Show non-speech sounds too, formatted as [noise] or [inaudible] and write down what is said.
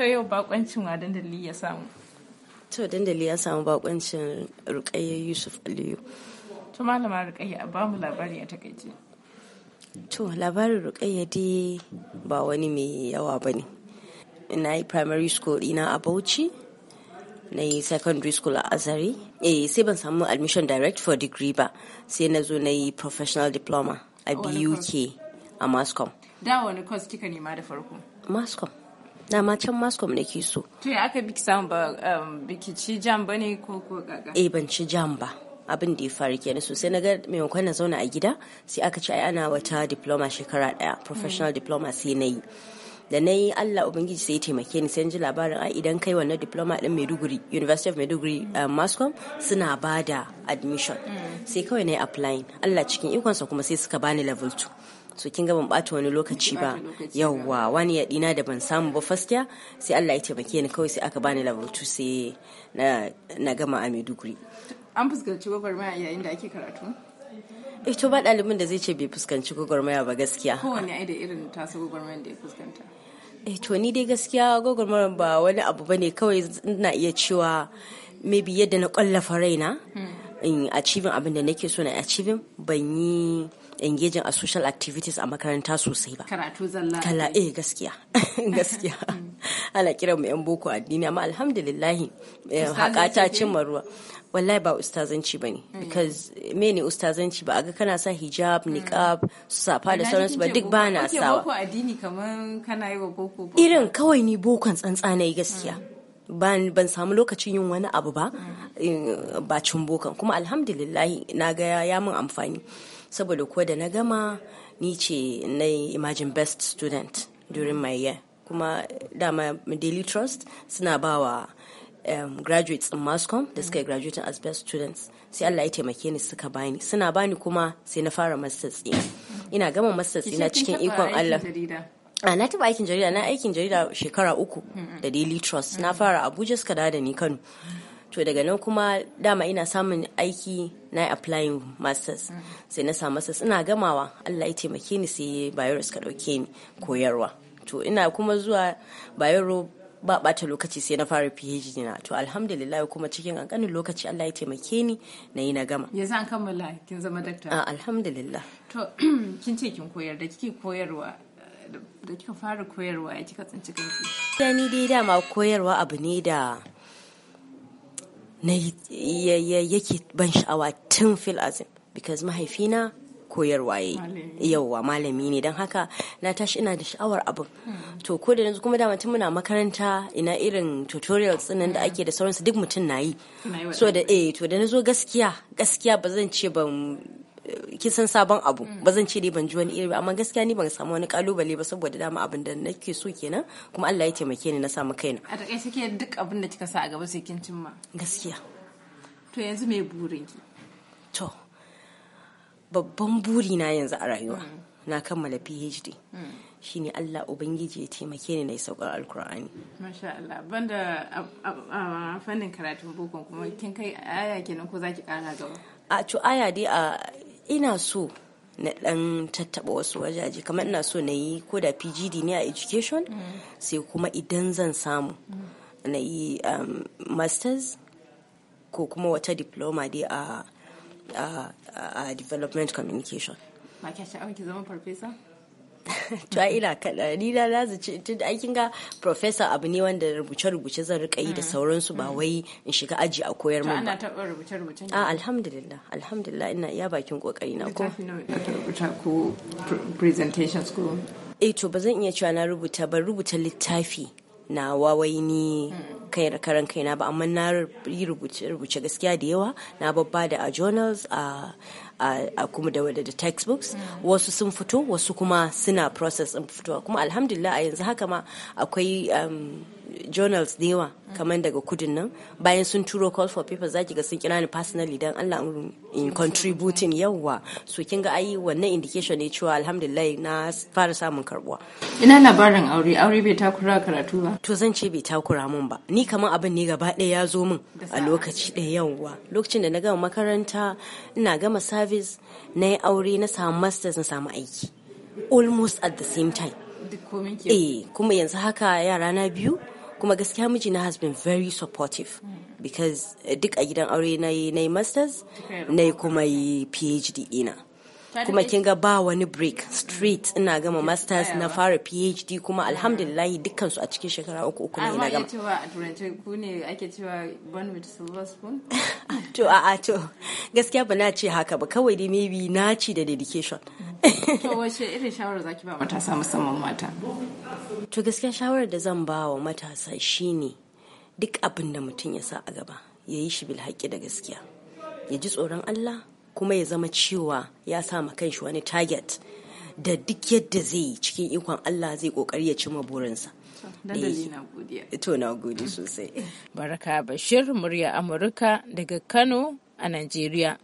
To yau bakoncin wa dandali ya samu. To dandali ya samu bakoncin Rukayya Yusuf Aliyu. To malama Rukayya a bamu labari a takaice. To labarin Rukayya dai ba wani mai yawa ba ne. Na yi primary school ɗina a Bauchi, na yi secondary school a Azari. Eh sai ban samu admission direct for degree ba, sai na zo na yi professional diploma a BUK a Mascom. Da wani course kika nema da farko? Mascom. dama can mascom nake so Tuyi ya aka biki samu ba um, biki ci jam ba ne ko ko gaga eh ban ci jam ba abin da ya faru kenan sosai na ga maimakon na zauna a gida sai aka ce ai ana wata diploma shekara daya professional diploma sai na yi da na yi Allah Ubangiji sai ya taimake ni sai ji labarin a idan kai wannan diploma din Maiduguri University of Maiduguri uh, Mascom suna ba da admission mm. sai kawai na yi applying Allah cikin ikonsa kuma sai suka bani level 2 so kin ga ban bata wani lokaci ba yawwa wani ya dina da ban samu ba faskiya sai Allah ya taimake ni kawai sai aka bani level sai na na gama a Maiduguri an fuskanci gwagwarmaya yayin da ake karatu eh to ba dalibin da zai ce bai fuskanci gwagwarmaya ba gaskiya kowane ai da irin tasa gwagwarmayar da ya fuskanta eh to ni dai gaskiya gwagwarmayar ba wani abu bane kawai ina iya cewa maybe yadda na kwallafa raina hmm. in achieving abin da nake so na achieving ban yi engaging a social activities a makaranta sosai ba. Karatu zalla. Kala eh gaskiya. [laughs] gaskiya. Mm. Ana kira mu yan boko addini amma alhamdulillah eh, haƙa ta cimma ruwa. Wallahi ba ustazanci ba ne. Mm. Because me ne ustazanci ba a ga kana sa hijab, mm. niqab, safa da sauransu ba duk ba na sawa. Boko addini kana yi boko. Irin kawai ni bokon tsantsa na yi gaskiya. ban samu lokacin yin wani abu ba ba bokan kuma alhamdulillahi na ga ya min amfani saboda ko da na gama ni ce na imagine best student during my year kuma dama daily trust suna bawa um, graduates in mascom da suka yi graduating as best students sai Allah ya taimake ni suka bani suna bani kuma sai na fara masters ina gama masters ina cikin ikon Allah a ah, na taɓa aikin jarida na aikin jarida shekara uku da daily trust na fara abuja suka da ni kano to daga nan kuma dama ina samun aiki na applying masters sai na samu masters ina gamawa allah ya taimake ni sai bayero suka dauke ni koyarwa to ina kuma zuwa bayero ba bata lokaci sai na fara PhD na to alhamdulillah kuma cikin kankanin lokaci Allah ya taimake ni na yi na gama yanzu an kammala kin zama doctor ah, alhamdulillah to [clears throat] kin ce kin koyar da kike koyarwa da kika fara koyarwa ya kika tsinci kanki Ya ni dai dama koyarwa abu ne da na yake ban sha'awa tun fil azim because mahaifina koyarwa ya yi yauwa malami ne don haka na tashi ina da sha'awar abin hmm. to ko da yanzu kuma da tun muna makaranta ina irin tutorial tsinan da hmm. ake da sauransu duk mutum na yi so da eh to da na zo gaskiya gaskiya ba zan ce ban kin san sabon abu mm. ba zan ce dai ban ji wani iri amma gaskiya ni ban samu wani kalubale ba saboda dama abin da nake so kenan kuma Allah ya taimake ni na samu kaina a take suke duk abin da kika sa a gaba sai kin cimma gaskiya to yanzu me burin ki to babban buri na yanzu a rayuwa mm. na kammala PhD mm. shine Allah Ubangiji ya taimake ni na yi saukar Alkur'ani. Masha Allah, banda fannin karatun boko kuma kin kai aya kenan ko zaki kara gaba? A to aya dai a ina so na dan tattaba wasu wajaje kamar ina so na yi ko da pgd ne a education sai kuma idan zan samu na yi um, masters ko kuma wata diploma dai a development communication ma zama farfesa to ina kaɗa ni na na ce tun ai ga professor abu ne wanda rubuce rubuce zan rika yi da mm. sauransu ba mm. wai in shiga aji a koyar mun ba. Ana taɓa rubuce rubuce. A ah, alhamdulillah alhamdulillah ina iya bakin kokari na ko. rubuta ko presentation ko. Eh to ba zan iya cewa na rubuta ba rubuta littafi na wawai ni mm. kai karan kaina ba amma na yi rubuce gaskiya da yawa na babba da a journals a a kuma da wadda da textbooks wasu sun fito wasu kuma suna process din fitowa kuma alhamdulillah a yanzu haka ma akwai um, journals da yawa kamar daga kudin nan bayan sun turo call for paper za ki ga sun kira ni personally dan Allah in contributing yawa so kin ga ai wannan indication ne cewa alhamdulillah na fara samun karbuwa ina labarin aure aure bai takura karatu ba to zan ce bai takura mun ba ni kamar abin ne gaba ɗaya ya zo min a lokaci da yawa lokacin da na gama makaranta ina gama service na yi aure na samu masters na samu aiki almost at the same time eh kuma yanzu haka yara na biyu kuma gaskiya mijina has been very supportive because eh, duk a gidan aure na yi masters na yi kuma yi phd ina kuma kin ga ba wani break street mm. ina gama masters na fara phd kuma alhamdulillahi dukkan su a cikin shekara uku uku ne na gama [laughs] to a a to gaskiya ba na ce haka ba kawai dai maybe na ci da dedication to wace irin shawara zaki ba matasa musamman mata to gaskiya shawarar da zan ba wa matasa shine duk abin da mutum ya sa a gaba ya yi shi bil haƙƙi da gaskiya ya ji tsoron Allah kuma ya zama cewa ya sa ma shi wani target da duk yadda zai yi cikin ikon Allah zai kokari ya cima burinsa. Eh, to na gode sosai. [laughs] Baraka Bashir murya Amurka daga Kano a Najeriya.